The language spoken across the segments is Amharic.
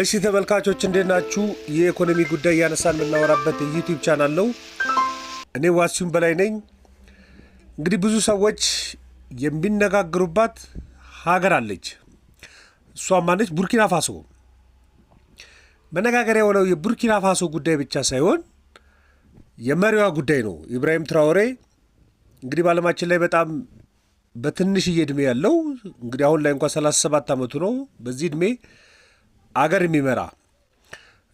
እሺ ተመልካቾች እንዴት ናችሁ? የኢኮኖሚ ጉዳይ እያነሳን የምናወራበት ዩቲዩብ ቻናል ነው። እኔ ዋሲሁን በላይ ነኝ። እንግዲህ ብዙ ሰዎች የሚነጋገሩባት ሀገር አለች። እሷ ማነች? ቡርኪና ፋሶ። መነጋገሪያ የሆነው የቡርኪና ፋሶ ጉዳይ ብቻ ሳይሆን የመሪዋ ጉዳይ ነው። ኢብራሂም ትራኦሬ እንግዲህ በዓለማችን ላይ በጣም በትንሽዬ እድሜ ያለው እንግዲህ አሁን ላይ እንኳን ሰላሳ ሰባት ዓመቱ ነው። በዚህ እድሜ አገር የሚመራ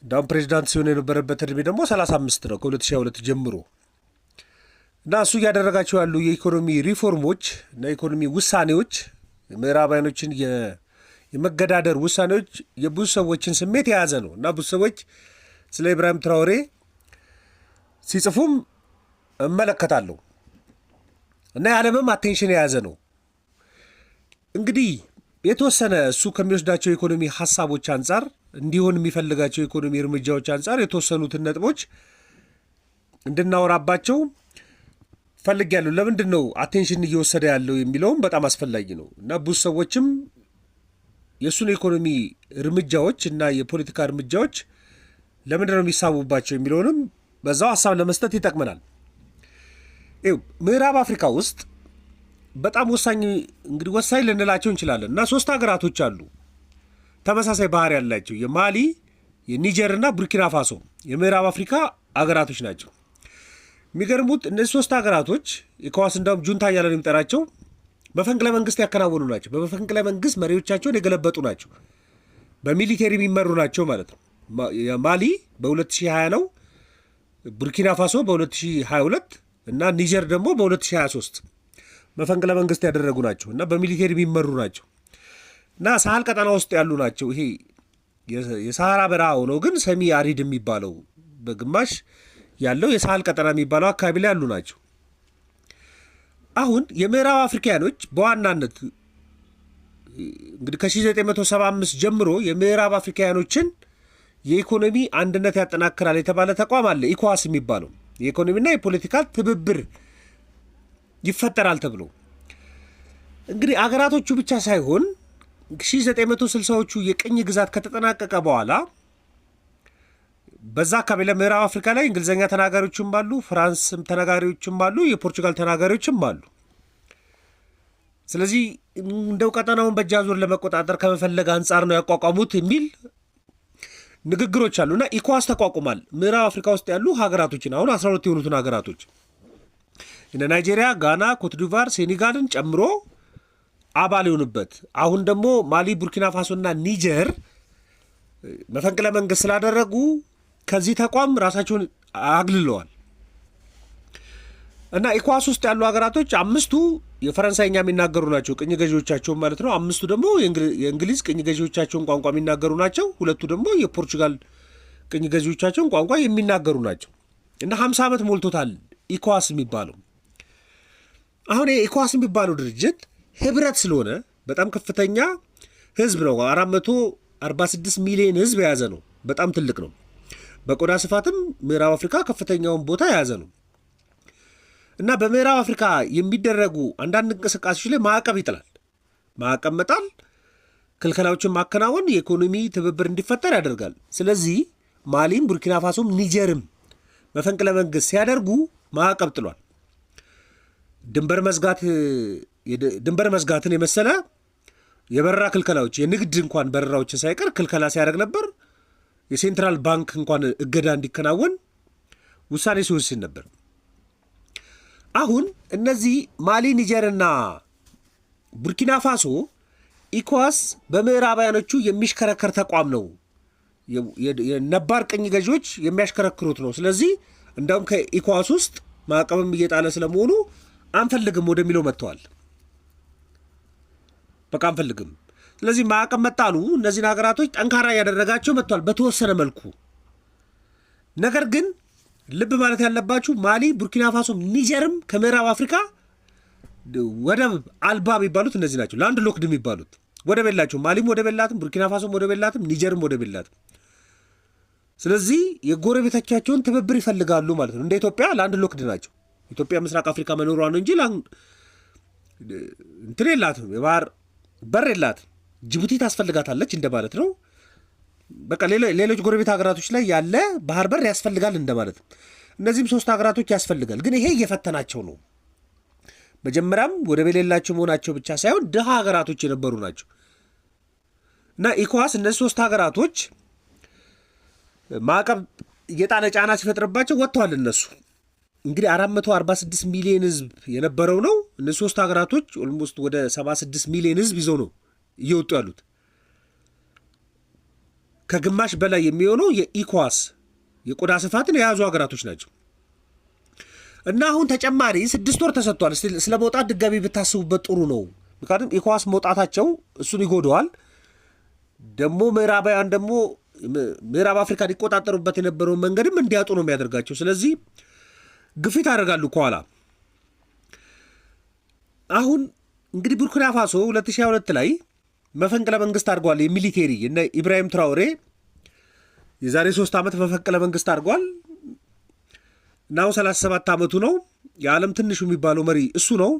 እንዳሁም ፕሬዚዳንት ሲሆን የነበረበት እድሜ ደግሞ 35 ነው ከ 2002 ጀምሮ እና እሱ እያደረጋቸው ያሉ የኢኮኖሚ ሪፎርሞች እና የኢኮኖሚ ውሳኔዎች ምዕራባውያኖችን የመገዳደር ውሳኔዎች የብዙ ሰዎችን ስሜት የያዘ ነው እና ብዙ ሰዎች ስለ ኢብራሂም ትራውሬ ሲጽፉም እመለከታለሁ። እና የዓለምም አቴንሽን የያዘ ነው። እንግዲህ የተወሰነ እሱ ከሚወስዳቸው የኢኮኖሚ ሀሳቦች አንጻር እንዲሆን የሚፈልጋቸው የኢኮኖሚ እርምጃዎች አንጻር የተወሰኑትን ነጥቦች እንድናወራባቸው ፈልጌያለሁ። ለምንድን ነው አቴንሽን እየወሰደ ያለው የሚለውም በጣም አስፈላጊ ነው እና ብዙ ሰዎችም የእሱን የኢኮኖሚ እርምጃዎች እና የፖለቲካ እርምጃዎች ለምንድን ነው የሚሳቡባቸው የሚለውንም በዛው ሀሳብ ለመስጠት ይጠቅመናል። ምዕራብ አፍሪካ ውስጥ በጣም ወሳኝ እንግዲህ ወሳኝ ልንላቸው እንችላለን እና ሶስት ሀገራቶች አሉ ተመሳሳይ ባህር ያላቸው የማሊ የኒጀር እና ቡርኪና ፋሶ የምዕራብ አፍሪካ አገራቶች ናቸው። የሚገርሙት እነዚህ ሶስት ሀገራቶች ኢኮዋስ እንዳውም ጁንታ እያለን የሚጠራቸው በፈንቅለ መንግስት ያከናወኑ ናቸው። በመፈንቅለ መንግስት መሪዎቻቸውን የገለበጡ ናቸው። በሚሊቴሪ የሚመሩ ናቸው ማለት ነው። ማሊ በ2020 ነው። ቡርኪና ፋሶ በ2022 እና ኒጀር ደግሞ በ2023 መፈንቅለ መንግስት ያደረጉ ናቸው እና በሚሊቴር የሚመሩ ናቸው እና ሳህል ቀጠና ውስጥ ያሉ ናቸው። ይሄ የሳሃራ በረሃ ሆነው ግን ሰሚ አሪድ የሚባለው በግማሽ ያለው የሳህል ቀጠና የሚባለው አካባቢ ላይ ያሉ ናቸው። አሁን የምዕራብ አፍሪካያኖች በዋናነት እንግዲህ ከ1975 ጀምሮ የምዕራብ አፍሪካውያኖችን የኢኮኖሚ አንድነት ያጠናክራል የተባለ ተቋም አለ ኢኳስ የሚባለው የኢኮኖሚና የፖለቲካ ትብብር ይፈጠራል ተብሎ እንግዲህ አገራቶቹ ብቻ ሳይሆን 1960ዎቹ የቅኝ ግዛት ከተጠናቀቀ በኋላ በዛ አካባቢ ለምዕራብ አፍሪካ ላይ እንግሊዝኛ ተናጋሪዎችም አሉ፣ ፍራንስ ተናጋሪዎችም አሉ፣ የፖርቹጋል ተናጋሪዎችም አሉ። ስለዚህ እንደው ቀጠናውን በእጅ አዙር ለመቆጣጠር ከመፈለግ አንጻር ነው ያቋቋሙት የሚል ንግግሮች አሉ እና ኢኳስ ተቋቁሟል። ምዕራብ አፍሪካ ውስጥ ያሉ ሀገራቶችን አሁን 12 የሆኑትን ሀገራቶች እነ ናይጄሪያ፣ ጋና፣ ኮትዲቫር፣ ሴኔጋልን ጨምሮ አባል የሆኑበት አሁን ደግሞ ማሊ፣ ቡርኪና ፋሶና ኒጀር መፈንቅለ መንግስት ስላደረጉ ከዚህ ተቋም ራሳቸውን አግልለዋል። እና ኢኳስ ውስጥ ያሉ ሀገራቶች አምስቱ የፈረንሳይኛ የሚናገሩ ናቸው፣ ቅኝ ገዢዎቻቸውን ማለት ነው። አምስቱ ደግሞ የእንግሊዝ ቅኝ ገዢዎቻቸውን ቋንቋ የሚናገሩ ናቸው። ሁለቱ ደግሞ የፖርቹጋል ቅኝ ገዢዎቻቸውን ቋንቋ የሚናገሩ ናቸው። እና ሀምሳ ዓመት ሞልቶታል ኢኳስ የሚባለው አሁን የኢኳስ የሚባለው ድርጅት ህብረት ስለሆነ በጣም ከፍተኛ ህዝብ ነው። 446 ሚሊዮን ህዝብ የያዘ ነው። በጣም ትልቅ ነው። በቆዳ ስፋትም ምዕራብ አፍሪካ ከፍተኛውን ቦታ የያዘ ነው። እና በምዕራብ አፍሪካ የሚደረጉ አንዳንድ እንቅስቃሴዎች ላይ ማዕቀብ ይጥላል። ማዕቀብ መጣል፣ ክልከላዎችን ማከናወን የኢኮኖሚ ትብብር እንዲፈጠር ያደርጋል። ስለዚህ ማሊም፣ ቡርኪና ፋሶም፣ ኒጀርም መፈንቅለ መንግስት ሲያደርጉ ማዕቀብ ጥሏል። ድንበር መዝጋት ድንበር መዝጋትን የመሰለ የበረራ ክልከላዎች የንግድ እንኳን በረራዎችን ሳይቀር ክልከላ ሲያደርግ ነበር። የሴንትራል ባንክ እንኳን እገዳ እንዲከናወን ውሳኔ ሲወስን ነበር። አሁን እነዚህ ማሊ፣ ኒጀርና ቡርኪና ፋሶ ኢኮዋስ በምዕራባውያኖቹ የሚሽከረከር ተቋም ነው። ነባር ቅኝ ገዢዎች የሚያሽከረክሩት ነው። ስለዚህ እንዳውም ከኢኳስ ውስጥ ማዕቀብም እየጣለ ስለመሆኑ አንፈልግም ወደሚለው መጥተዋል። በቃ አንፈልግም። ስለዚህ ማዕቀብ መጣሉ እነዚህን ሀገራቶች ጠንካራ እያደረጋቸው መጥተዋል በተወሰነ መልኩ ነገር ግን ልብ ማለት ያለባችሁ ማሊ፣ ቡርኪና ፋሶ፣ ኒጀርም ከምዕራብ አፍሪካ ወደብ አልባ የሚባሉት እነዚህ ናቸው። ላንድ ሎክድ የሚባሉት ወደብ የላቸውም። ማሊም ወደብ የላትም፣ ቡርኪና ፋሶም ወደብ የላትም፣ ኒጀርም ወደብ የላትም። ስለዚህ የጎረቤቶቻቸውን ትብብር ይፈልጋሉ ማለት ነው። እንደ ኢትዮጵያ ላንድ ሎክድ ናቸው። ኢትዮጵያ ምስራቅ አፍሪካ መኖሯ ነው እንጂ እንትን የላትም፣ የባህር በር የላትም። ጅቡቲ ታስፈልጋታለች እንደማለት ነው። በቃ ሌሎች ጎረቤት ሀገራቶች ላይ ያለ ባህር በር ያስፈልጋል እንደማለት ነው። እነዚህም ሶስት ሀገራቶች ያስፈልጋል፣ ግን ይሄ እየፈተናቸው ነው። መጀመሪያም ወደብ የሌላቸው መሆናቸው ብቻ ሳይሆን ድሃ ሀገራቶች የነበሩ ናቸው እና ኢኮዋስ እነዚህ ሶስት ሀገራቶች ማዕቀብ እየጣለ ጫና ሲፈጥርባቸው ወጥተዋል። እነሱ እንግዲህ 446 ሚሊዮን ህዝብ የነበረው ነው። እነዚህ ሶስት ሀገራቶች ኦልሞስት ወደ 76 ሚሊዮን ህዝብ ይዘው ነው እየወጡ ያሉት። ከግማሽ በላይ የሚሆነው የኢኳስ የቆዳ ስፋትን የያዙ ሀገራቶች ናቸው። እና አሁን ተጨማሪ ስድስት ወር ተሰጥቷል። ስለ መውጣት ድጋሚ ብታስቡበት ጥሩ ነው። ምክንያቱም ኢኳስ መውጣታቸው እሱን ይጎደዋል። ደግሞ ምዕራባውያን ደግሞ ምዕራብ አፍሪካ ሊቆጣጠሩበት የነበረውን መንገድም እንዲያጡ ነው የሚያደርጋቸው። ስለዚህ ግፊት ያደርጋሉ ከኋላ። አሁን እንግዲህ ቡርኪና ፋሶ 2022 ላይ መፈንቅለ መንግስት አድርጓል የሚሊቴሪ እነ ኢብራሂም ትራውሬ የዛሬ ሶስት ዓመት መፈንቅለ መንግስት አድርጓል። ናው 37 ዓመቱ ነው። የዓለም ትንሹ የሚባለው መሪ እሱ ነው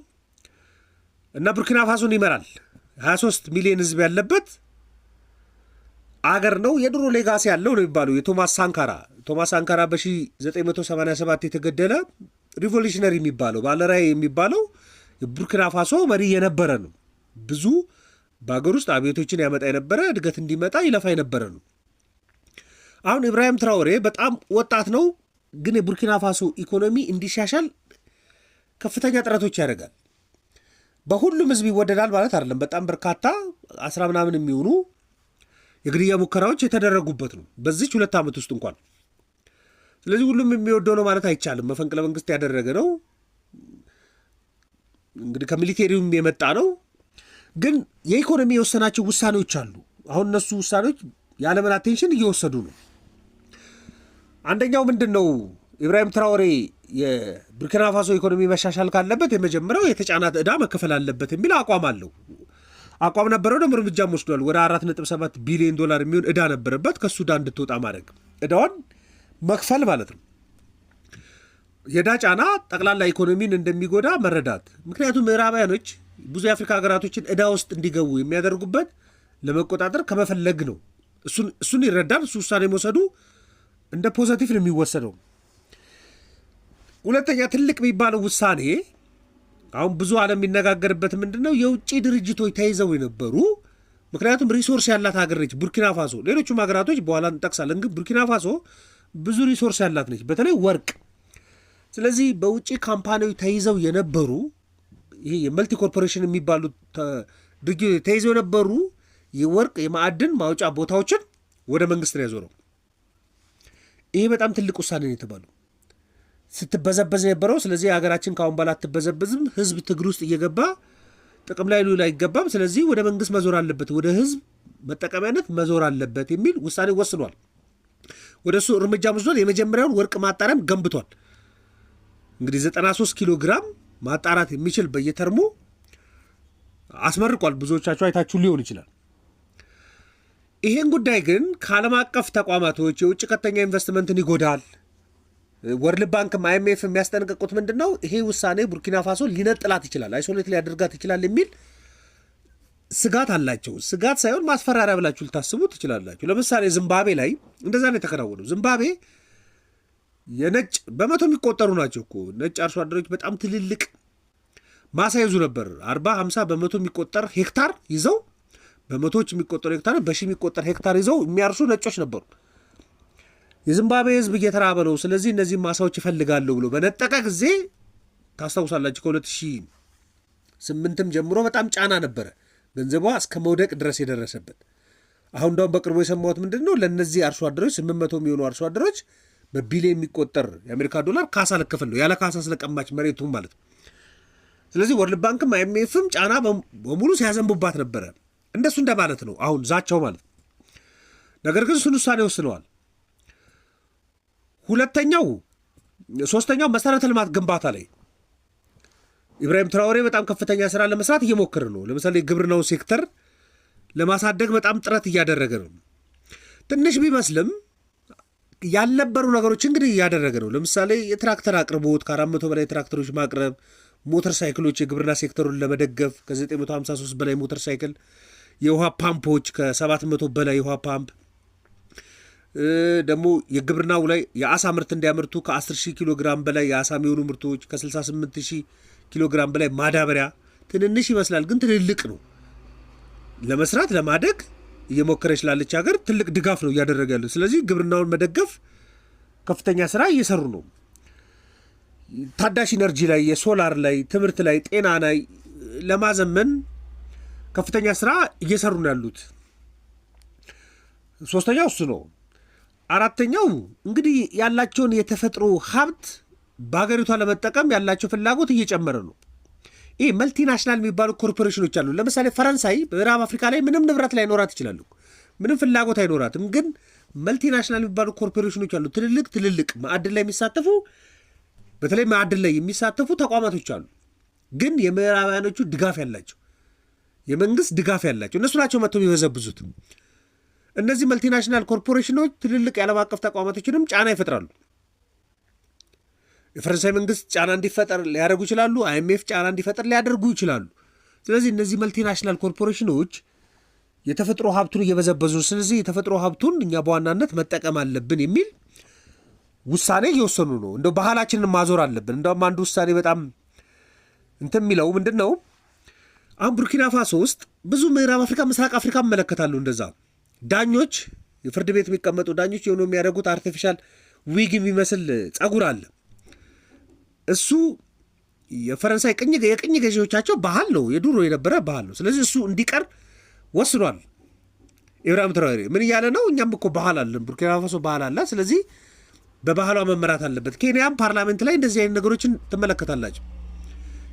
እና ቡርኪና ፋሶን ይመራል። 23 ሚሊዮን ህዝብ ያለበት አገር ነው። የድሮ ሌጋሲ ያለው ነው የሚባለው የቶማስ ሳንካራ ቶማስ ሳንካራ በ1987 የተገደለ ሪቮሉሽነሪ የሚባለው ባለራዕይ የሚባለው የቡርኪና ፋሶ መሪ የነበረ ነው ብዙ በሀገር ውስጥ አብዮቶችን ያመጣ የነበረ እድገት እንዲመጣ ይለፋ የነበረ ነው። አሁን ኢብራሂም ትራውሬ በጣም ወጣት ነው፣ ግን የቡርኪና ፋሶ ኢኮኖሚ እንዲሻሻል ከፍተኛ ጥረቶች ያደርጋል። በሁሉም ህዝብ ይወደዳል ማለት አይደለም። በጣም በርካታ አስራ ምናምን የሚሆኑ የግድያ ሙከራዎች የተደረጉበት ነው በዚች ሁለት ዓመት ውስጥ እንኳን። ስለዚህ ሁሉም የሚወደው ነው ማለት አይቻልም። መፈንቅለ መንግስት ያደረገ ነው እንግዲህ ከሚሊቴሪውም የመጣ ነው። ግን የኢኮኖሚ የወሰናቸው ውሳኔዎች አሉ። አሁን እነሱ ውሳኔዎች የዓለምን አቴንሽን እየወሰዱ ነው። አንደኛው ምንድን ነው? ኢብራሂም ትራወሬ የቡርኪና ፋሶ ኢኮኖሚ መሻሻል ካለበት የመጀመሪያው የተጫናት ዕዳ መከፈል አለበት የሚል አቋም አለው። አቋም ነበረው፣ ደግሞ እርምጃም ወስዷል። ወደ 4.7 ቢሊዮን ዶላር የሚሆን ዕዳ ነበረበት። ከእሱ ዕዳ እንድትወጣ ማድረግ ዕዳዋን መክፈል ማለት ነው። የዕዳ ጫና ጠቅላላ ኢኮኖሚን እንደሚጎዳ መረዳት። ምክንያቱም ምዕራባያኖች ብዙ የአፍሪካ ሀገራቶችን እዳ ውስጥ እንዲገቡ የሚያደርጉበት ለመቆጣጠር ከመፈለግ ነው። እሱን ይረዳል። እሱ ውሳኔ መውሰዱ እንደ ፖዘቲቭ ነው የሚወሰደው። ሁለተኛ ትልቅ የሚባለው ውሳኔ አሁን ብዙ ዓለም የሚነጋገርበት ምንድን ነው? የውጭ ድርጅቶች ተይዘው የነበሩ ምክንያቱም ሪሶርስ ያላት ሀገር ነች ቡርኪና ፋሶ። ሌሎቹም ሀገራቶች በኋላ እንጠቅሳለን፣ ግን ቡርኪና ፋሶ ብዙ ሪሶርስ ያላት ነች፣ በተለይ ወርቅ። ስለዚህ በውጭ ካምፓኒዎች ተይዘው የነበሩ ይሄ የመልቲ ኮርፖሬሽን የሚባሉ ተይዘው የነበሩ የወርቅ የማዕድን ማውጫ ቦታዎችን ወደ መንግስት ነው ያዞረው። ይሄ በጣም ትልቅ ውሳኔ ነው የተባሉ ስትበዘበዝ የነበረው። ስለዚህ ሀገራችን ከአሁን በኋላ አትበዘበዝም። ህዝብ ትግል ውስጥ እየገባ ጥቅም ላይ ሊውል አይገባም። ስለዚህ ወደ መንግስት መዞር አለበት፣ ወደ ህዝብ መጠቀሚያነት መዞር አለበት የሚል ውሳኔ ወስኗል። ወደ እሱ እርምጃ ወስዷል። የመጀመሪያውን ወርቅ ማጣሪያም ገንብቷል። እንግዲህ 93 ኪሎ ግራም ማጣራት የሚችል በየተርሙ አስመርቋል። ብዙዎቻችሁ አይታችሁ ሊሆን ይችላል። ይሄን ጉዳይ ግን ከዓለም አቀፍ ተቋማቶች የውጭ ቀጥተኛ ኢንቨስትመንትን ይጎዳል። ወርልድ ባንክም አይኤምኤፍ የሚያስጠነቀቁት ምንድን ነው? ይሄ ውሳኔ ቡርኪና ፋሶ ሊነጥላት ይችላል፣ አይሶሌት ሊያደርጋት ይችላል የሚል ስጋት አላቸው። ስጋት ሳይሆን ማስፈራሪያ ብላችሁ ልታስቡ ትችላላችሁ። ለምሳሌ ዝምባብዌ ላይ እንደዛ ነው የተከናወነው። ዝምባብዌ የነጭ በመቶ የሚቆጠሩ ናቸው እኮ ነጭ አርሶ አደሮች በጣም ትልልቅ ማሳ ይዙ ነበር። አርባ ሃምሳ በመቶ የሚቆጠር ሄክታር ይዘው በመቶዎች የሚቆጠሩ ሄክታር በሺ የሚቆጠር ሄክታር ይዘው የሚያርሱ ነጮች ነበሩ። የዚምባብዌ ሕዝብ እየተራበ ነው፣ ስለዚህ እነዚህ ማሳዎች ይፈልጋለሁ ብሎ በነጠቀ ጊዜ ታስታውሳላችሁ፣ ከሁለት ሺህ ስምንትም ጀምሮ በጣም ጫና ነበረ፣ ገንዘቧ እስከ መውደቅ ድረስ የደረሰበት። አሁን እንዳውም በቅርቡ የሰማሁት ምንድን ነው ለእነዚህ አርሶ አደሮች ስምንት መቶ የሚሆኑ አርሶ አደሮች በቢሊዮን የሚቆጠር የአሜሪካ ዶላር ካሳ ልከፍል ነው ያለ ካሳ ስለቀማች መሬቱ ማለት ነው። ስለዚህ ወርልድ ባንክም አይኤምኤፍም ጫና በሙሉ ሲያዘንቡባት ነበረ። እንደሱ እንደማለት ነው አሁን ዛቻው ማለት ነገር ግን እሱን ውሳኔ ወስነዋል። ሁለተኛው ሶስተኛው መሰረተ ልማት ግንባታ ላይ ኢብራሂም ትራወሬ በጣም ከፍተኛ ስራ ለመስራት እየሞከረ ነው። ለምሳሌ የግብርናውን ሴክተር ለማሳደግ በጣም ጥረት እያደረገ ነው። ትንሽ ቢመስልም ያልነበሩ ነገሮች እንግዲህ እያደረገ ነው። ለምሳሌ የትራክተር አቅርቦት ከአራት መቶ በላይ ትራክተሮች ማቅረብ፣ ሞተር ሳይክሎች የግብርና ሴክተሩን ለመደገፍ ከ953 በላይ ሞተር ሳይክል፣ የውሃ ፓምፖች ከ700 በላይ የውሃ ፓምፕ ደግሞ የግብርናው ላይ የአሳ ምርት እንዲያመርቱ ከ10,000 ኪሎ ግራም በላይ የአሳ የሚሆኑ ምርቶች ከ68,000 ኪሎ ግራም በላይ ማዳበሪያ። ትንንሽ ይመስላል ግን ትልልቅ ነው ለመስራት ለማደግ እየሞከረች ላለች ሀገር ትልቅ ድጋፍ ነው እያደረገ ያለው። ስለዚህ ግብርናውን መደገፍ ከፍተኛ ስራ እየሰሩ ነው። ታዳሽ ኢነርጂ ላይ፣ የሶላር ላይ፣ ትምህርት ላይ፣ ጤና ላይ ለማዘመን ከፍተኛ ስራ እየሰሩ ነው ያሉት። ሶስተኛው እሱ ነው። አራተኛው እንግዲህ ያላቸውን የተፈጥሮ ሀብት በሀገሪቷ ለመጠቀም ያላቸው ፍላጎት እየጨመረ ነው። ይህ መልቲናሽናል የሚባሉ ኮርፖሬሽኖች አሉ። ለምሳሌ ፈረንሳይ ምዕራብ አፍሪካ ላይ ምንም ንብረት ላይኖራት ይችላሉ። ምንም ፍላጎት አይኖራትም። ግን መልቲናሽናል የሚባሉ ኮርፖሬሽኖች አሉ። ትልልቅ ትልልቅ ማዕድን ላይ የሚሳተፉ በተለይ ማዕድን ላይ የሚሳተፉ ተቋማቶች አሉ። ግን የምዕራባያኖቹ ድጋፍ ያላቸው የመንግስት ድጋፍ ያላቸው እነሱ ናቸው መጥተው የሚበዘብዙት። እነዚህ መልቲናሽናል ኮርፖሬሽኖች ትልልቅ የዓለም አቀፍ ተቋማቶችንም ጫና ይፈጥራሉ። የፈረንሳይ መንግስት ጫና እንዲፈጠር ሊያደርጉ ይችላሉ። አይኤምኤፍ ጫና እንዲፈጠር ሊያደርጉ ይችላሉ። ስለዚህ እነዚህ መልቲናሽናል ኮርፖሬሽኖች የተፈጥሮ ሀብቱን እየበዘበዙ፣ ስለዚህ የተፈጥሮ ሀብቱን እኛ በዋናነት መጠቀም አለብን የሚል ውሳኔ እየወሰኑ ነው። እንደ ባህላችንን ማዞር አለብን። እንደውም አንዱ ውሳኔ በጣም እንትን የሚለው ምንድን ነው? አሁን ቡርኪና ፋሶ ውስጥ ብዙ ምዕራብ አፍሪካ፣ ምስራቅ አፍሪካ እመለከታለሁ። እንደዛ ዳኞች፣ የፍርድ ቤት የሚቀመጡ ዳኞች የሆነ የሚያደርጉት አርቲፊሻል ዊግ የሚመስል ጸጉር አለ እሱ የፈረንሳይ ቅኝ የቅኝ ገዢዎቻቸው ባህል ነው፣ የዱሮ የነበረ ባህል ነው። ስለዚህ እሱ እንዲቀር ወስኗል። ኢብራሂም ትራኦሬ ምን እያለ ነው? እኛም እኮ ባህል አለን፣ ቡርኪናፋሶ ባህል አለ። ስለዚህ በባህሏ መመራት አለበት። ኬንያም ፓርላሜንት ላይ እንደዚህ አይነት ነገሮችን ትመለከታላችሁ።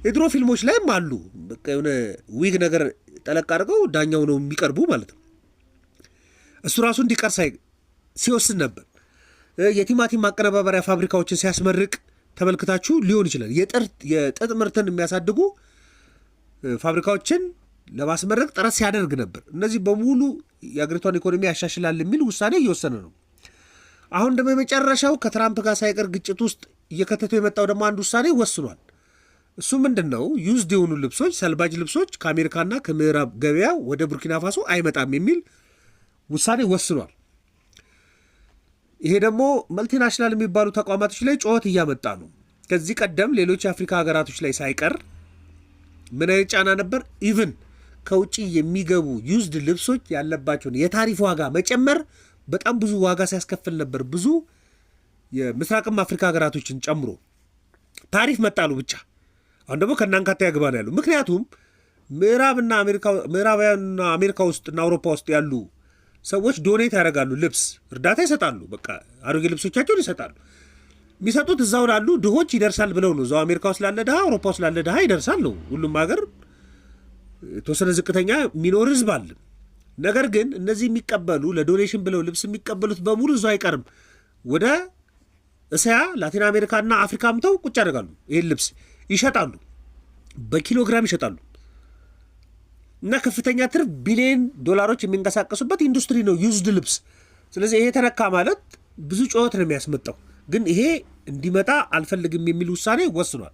የድሮ ፊልሞች ላይም አሉ። በቃ የሆነ ዊግ ነገር ጠለቅ አድርገው ዳኛው ነው የሚቀርቡ ማለት ነው። እሱ ራሱ እንዲቀር ሳይ ሲወስን ነበር። የቲማቲም ማቀነባበሪያ ፋብሪካዎችን ሲያስመርቅ ተመልክታችሁ ሊሆን ይችላል። የጥጥ ምርትን የሚያሳድጉ ፋብሪካዎችን ለማስመረቅ ጥረት ሲያደርግ ነበር። እነዚህ በሙሉ የአገሪቷን ኢኮኖሚ ያሻሽላል የሚል ውሳኔ እየወሰነ ነው። አሁን ደግሞ የመጨረሻው ከትራምፕ ጋር ሳይቀር ግጭት ውስጥ እየከተተው የመጣው ደግሞ አንድ ውሳኔ ወስኗል። እሱ ምንድን ነው? ዩዝድ የሆኑ ልብሶች፣ ሰልባጅ ልብሶች ከአሜሪካና ከምዕራብ ገበያ ወደ ቡርኪና ፋሶ አይመጣም የሚል ውሳኔ ወስኗል። ይሄ ደግሞ መልቲናሽናል የሚባሉ ተቋማቶች ላይ ጩኸት እያመጣ ነው። ከዚህ ቀደም ሌሎች የአፍሪካ ሀገራቶች ላይ ሳይቀር ምን አይነት ጫና ነበር? ኢቭን ከውጭ የሚገቡ ዩዝድ ልብሶች ያለባቸውን የታሪፍ ዋጋ መጨመር በጣም ብዙ ዋጋ ሲያስከፍል ነበር። ብዙ የምስራቅም አፍሪካ ሀገራቶችን ጨምሮ ታሪፍ መጣሉ ብቻ። አሁን ደግሞ ከእናንካታ ያግባን ያሉ ምክንያቱም ምዕራብና ምዕራባውያንና አሜሪካ ውስጥና አውሮፓ ውስጥ ያሉ ሰዎች ዶኔት ያደርጋሉ፣ ልብስ እርዳታ ይሰጣሉ። በቃ አሮጌ ልብሶቻቸውን ይሰጣሉ። የሚሰጡት እዛው ላሉ ድሆች ይደርሳል ብለው ነው። እዛው አሜሪካ ውስጥ ላለ ድሃ፣ አውሮፓ ውስጥ ላለ ድሃ ይደርሳል ነው። ሁሉም ሀገር የተወሰነ ዝቅተኛ የሚኖር ህዝብ አለ። ነገር ግን እነዚህ የሚቀበሉ ለዶኔሽን ብለው ልብስ የሚቀበሉት በሙሉ እዛው አይቀርም። ወደ እስያ፣ ላቲን አሜሪካና አፍሪካ ምተው ቁጭ ያደርጋሉ። ይህን ልብስ ይሸጣሉ፣ በኪሎግራም ይሸጣሉ። እና ከፍተኛ ትርፍ ቢሊዮን ዶላሮች የሚንቀሳቀሱበት ኢንዱስትሪ ነው ዩዝድ ልብስ። ስለዚህ ይሄ ተነካ ማለት ብዙ ጩኸት ነው የሚያስመጣው። ግን ይሄ እንዲመጣ አልፈልግም የሚል ውሳኔ ወስኗል።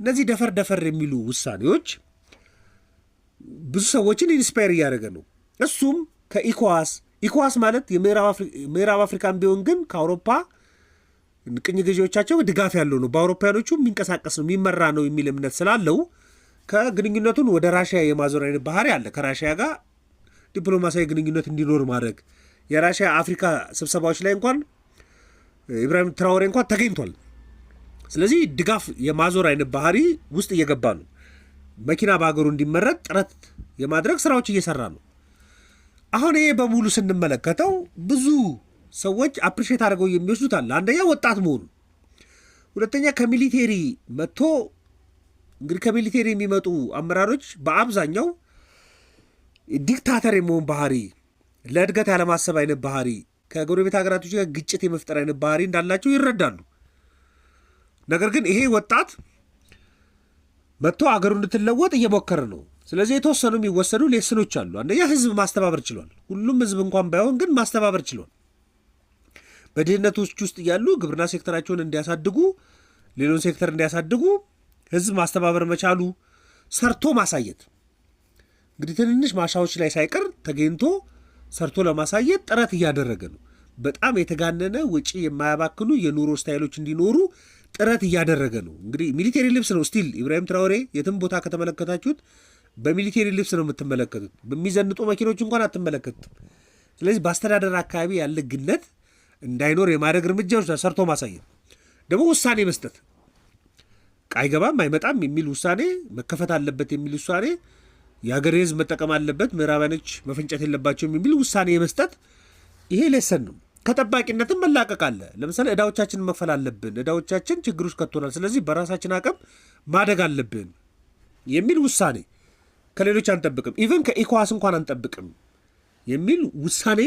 እነዚህ ደፈር ደፈር የሚሉ ውሳኔዎች ብዙ ሰዎችን ኢንስፓየር እያደረገ ነው። እሱም ከኢኮዋስ ኢኮዋስ ማለት የምዕራብ አፍሪካን ቢሆን ግን ከአውሮፓ ቅኝ ገዢዎቻቸው ድጋፍ ያለው ነው። በአውሮፓያኖቹ የሚንቀሳቀስ ነው የሚመራ ነው የሚል እምነት ስላለው ከግንኙነቱን ወደ ራሽያ የማዞር አይነት ባህሪ አለ። ከራሽያ ጋር ዲፕሎማሲያዊ ግንኙነት እንዲኖር ማድረግ የራሽያ አፍሪካ ስብሰባዎች ላይ እንኳን ኢብራሂም ትራወሬ እንኳን ተገኝቷል። ስለዚህ ድጋፍ የማዞር አይነት ባህሪ ውስጥ እየገባ ነው። መኪና በሀገሩ እንዲመረጥ ጥረት የማድረግ ስራዎች እየሰራ ነው። አሁን ይሄ በሙሉ ስንመለከተው ብዙ ሰዎች አፕሪሼት አድርገው የሚወስዱት አለ። አንደኛ ወጣት መሆኑ፣ ሁለተኛ ከሚሊቴሪ መጥቶ እንግዲህ ከሚሊቴሪ የሚመጡ አመራሮች በአብዛኛው ዲክታተር የመሆን ባህሪ፣ ለእድገት ያለማሰብ አይነት ባህሪ፣ ከጎረቤት ሀገራቶች ጋር ግጭት የመፍጠር አይነት ባህሪ እንዳላቸው ይረዳሉ። ነገር ግን ይሄ ወጣት መጥቶ አገሩ እንድትለወጥ እየሞከረ ነው። ስለዚህ የተወሰኑ የሚወሰዱ ሌስኖች አሉ። አንደኛ ህዝብ ማስተባበር ችሏል። ሁሉም ህዝብ እንኳን ባይሆን ግን ማስተባበር ችሏል። በድህነቶች ውስጥ እያሉ ግብርና ሴክተራቸውን እንዲያሳድጉ፣ ሌሎን ሴክተር እንዲያሳድጉ ህዝብ ማስተባበር መቻሉ ሰርቶ ማሳየት እንግዲህ ትንንሽ ማሻዎች ላይ ሳይቀር ተገኝቶ ሰርቶ ለማሳየት ጥረት እያደረገ ነው። በጣም የተጋነነ ወጪ የማያባክኑ የኑሮ ስታይሎች እንዲኖሩ ጥረት እያደረገ ነው። እንግዲህ ሚሊቴሪ ልብስ ነው ስቲል ኢብራሂም ትራውሬ የትም ቦታ ከተመለከታችሁት በሚሊቴሪ ልብስ ነው የምትመለከቱት። በሚዘንጡ መኪኖች እንኳን አትመለከቱትም። ስለዚህ በአስተዳደር አካባቢ ያለ ግነት እንዳይኖር የማድረግ እርምጃዎች ሰርቶ ማሳየት ደግሞ ውሳኔ መስጠት አይገባም አይመጣም የሚል ውሳኔ መከፈት አለበት የሚል ውሳኔ የሀገር ህዝብ መጠቀም አለበት፣ ምዕራባኖች መፈንጨት የለባቸውም የሚል ውሳኔ የመስጠት ይሄ ሌሰን ነው። ከጠባቂነትም መላቀቅ አለ። ለምሳሌ እዳዎቻችን መክፈል አለብን፣ እዳዎቻችን ችግር ውስጥ ከቶናል፣ ስለዚህ በራሳችን አቅም ማደግ አለብን የሚል ውሳኔ ከሌሎች አንጠብቅም፣ ኢቨን ከኢኳስ እንኳን አንጠብቅም የሚል ውሳኔ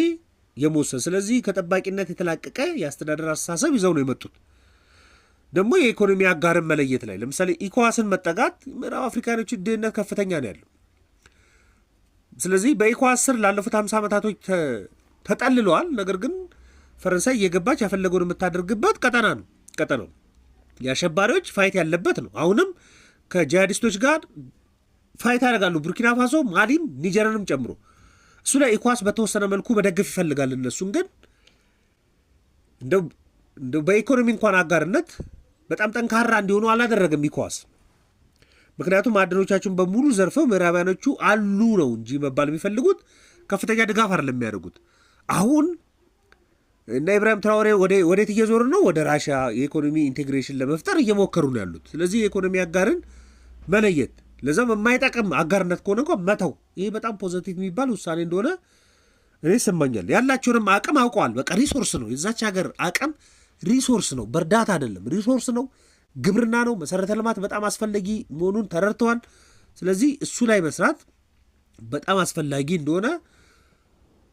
የመወሰን ስለዚህ ከጠባቂነት የተላቀቀ የአስተዳደር አስተሳሰብ ይዘው ነው የመጡት። ደግሞ የኢኮኖሚ አጋርን መለየት ላይ ለምሳሌ ኢኳስን መጠጋት ምዕራብ አፍሪካኖች ድህነት ከፍተኛ ነው ያለው። ስለዚህ በኢኳስ ስር ላለፉት ሀምሳ ዓመታቶች ተጠልለዋል። ነገር ግን ፈረንሳይ እየገባች ያፈለገውን የምታደርግበት ቀጠና ነው ቀጠናው የአሸባሪዎች ፋይት ያለበት ነው። አሁንም ከጂሃዲስቶች ጋር ፋይት ያደርጋሉ። ቡርኪና ፋሶ፣ ማሊም፣ ኒጀርንም ጨምሮ እሱ ላይ ኢኳስ በተወሰነ መልኩ መደገፍ ይፈልጋል። እነሱን ግን እንደው በኢኮኖሚ እንኳን አጋርነት በጣም ጠንካራ እንዲሆኑ አላደረገም ይኳስ። ምክንያቱም ማዕድኖቻችን በሙሉ ዘርፈው ምዕራባያኖቹ አሉ ነው እንጂ መባል የሚፈልጉት ከፍተኛ ድጋፍ አይደለም የሚያደርጉት። አሁን እና ኢብራሂም ትራውሬ ወዴት እየዞሩ ነው? ወደ ራሽያ የኢኮኖሚ ኢንቴግሬሽን ለመፍጠር እየሞከሩ ነው ያሉት። ስለዚህ የኢኮኖሚ አጋርን መለየት ለዛም የማይጠቅም አጋርነት ከሆነ እንኳ መተው፣ ይሄ በጣም ፖዘቲቭ የሚባል ውሳኔ እንደሆነ እኔ ይሰማኛል። ያላቸውንም አቅም አውቀዋል። በቃ ሪሶርስ ነው የዛች ሀገር አቅም ሪሶርስ ነው፣ በእርዳታ አይደለም። ሪሶርስ ነው፣ ግብርና ነው። መሰረተ ልማት በጣም አስፈላጊ መሆኑን ተረድተዋል። ስለዚህ እሱ ላይ መስራት በጣም አስፈላጊ እንደሆነ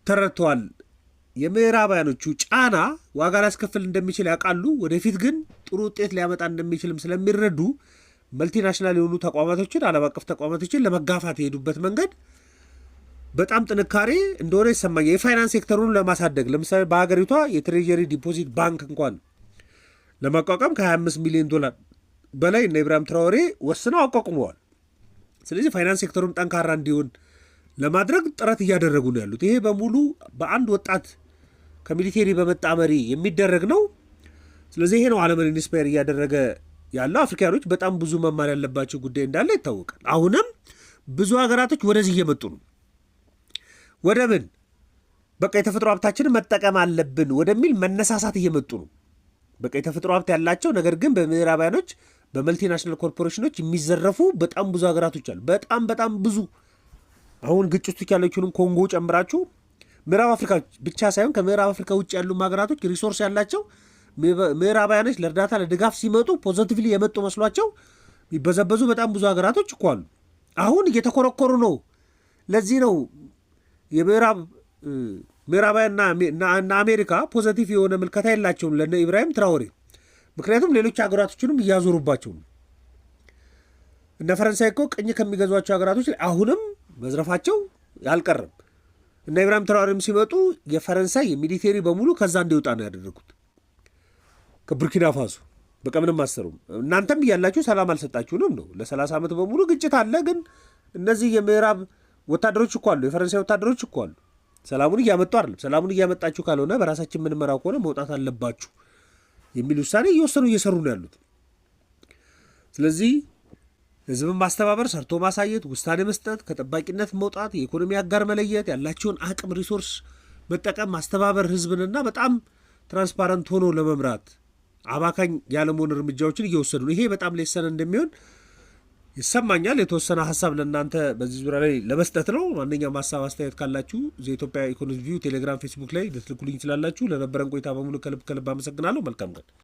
ተረድተዋል። የምዕራባያኖቹ ጫና ዋጋ ሊያስከፍል እንደሚችል ያውቃሉ። ወደፊት ግን ጥሩ ውጤት ሊያመጣ እንደሚችልም ስለሚረዱ መልቲናሽናል የሆኑ ተቋማቶችን ዓለም አቀፍ ተቋማቶችን ለመጋፋት የሄዱበት መንገድ በጣም ጥንካሬ እንደሆነ ይሰማኛል። የፋይናንስ ሴክተሩን ለማሳደግ ለምሳሌ በሀገሪቷ የትሬጀሪ ዲፖዚት ባንክ እንኳን ለማቋቋም ከ25 ሚሊዮን ዶላር በላይ እነ ኢብራሂም ትራዎሬ ወስነው አቋቁመዋል። ስለዚህ ፋይናንስ ሴክተሩን ጠንካራ እንዲሆን ለማድረግ ጥረት እያደረጉ ነው ያሉት። ይሄ በሙሉ በአንድ ወጣት ከሚሊቴሪ በመጣ መሪ የሚደረግ ነው። ስለዚህ ይሄ ነው ዓለምን ኢንስፓየር እያደረገ ያለው። አፍሪካኖች በጣም ብዙ መማር ያለባቸው ጉዳይ እንዳለ ይታወቃል። አሁንም ብዙ ሀገራቶች ወደዚህ እየመጡ ነው። ወደብን በቃ የተፈጥሮ ሀብታችንን መጠቀም አለብን ወደሚል መነሳሳት እየመጡ ነው። በቃ የተፈጥሮ ሀብት ያላቸው ነገር ግን በምዕራባያኖች በመልቲናሽናል ኮርፖሬሽኖች የሚዘረፉ በጣም ብዙ ሀገራቶች አሉ። በጣም በጣም ብዙ አሁን ግጭቱ ያለችሁንም ኮንጎ ጨምራችሁ ምዕራብ አፍሪካ ብቻ ሳይሆን ከምዕራብ አፍሪካ ውጭ ያሉ ሀገራቶች ሪሶርስ ያላቸው ምዕራባያኖች ለእርዳታ ለድጋፍ ሲመጡ ፖዘቲቭሊ የመጡ መስሏቸው የሚበዘበዙ በጣም ብዙ ሀገራቶች እኮ አሉ። አሁን እየተኮረኮሩ ነው። ለዚህ ነው የምዕራብ ምዕራባውያንና አሜሪካ ፖዘቲቭ የሆነ ምልከታ የላቸውም ለነ ኢብራሂም ትራውሬ። ምክንያቱም ሌሎች ሀገራቶችንም እያዞሩባቸው ነው። እነ ፈረንሳይ እኮ ቅኝ ከሚገዟቸው ሀገራቶች ላይ አሁንም መዝረፋቸው አልቀረም። እነ ኢብራሂም ትራውሬም ሲመጡ የፈረንሳይ የሚሊቴሪ በሙሉ ከዛ እንዲወጣ ነው ያደረጉት። ከቡርኪና ፋሶ በቃ ምንም አሰሩም። እናንተም እያላችሁ ሰላም አልሰጣችሁንም ነው። ለሰላሳ ዓመት በሙሉ ግጭት አለ። ግን እነዚህ የምዕራብ ወታደሮች እኮ አሉ፣ የፈረንሳይ ወታደሮች እኮ አሉ። ሰላሙን እያመጡ አይደለም። ሰላሙን እያመጣችሁ ካልሆነ በራሳችን የምንመራው ከሆነ መውጣት አለባችሁ የሚል ውሳኔ እየወሰኑ እየሰሩ ነው ያሉት። ስለዚህ ህዝብን ማስተባበር፣ ሰርቶ ማሳየት፣ ውሳኔ መስጠት፣ ከጠባቂነት መውጣት፣ የኢኮኖሚ አጋር መለየት፣ ያላቸውን አቅም ሪሶርስ መጠቀም፣ ማስተባበር፣ ህዝብንና በጣም ትራንስፓረንት ሆኖ ለመምራት አባካኝ ያለመሆን እርምጃዎችን እየወሰዱ ነው። ይሄ በጣም ሌሰን እንደሚሆን ይሰማኛል። የተወሰነ ሀሳብ ለእናንተ በዚህ ዙሪያ ላይ ለመስጠት ነው። ማንኛውም ሀሳብ አስተያየት ካላችሁ የኢትዮጵያ ኢኮኖሚ ቪው ቴሌግራም፣ ፌስቡክ ላይ ልትልኩልኝ ትችላላችሁ። ለነበረን ቆይታ በሙሉ ከልብ ከልብ አመሰግናለሁ። መልካም ቀን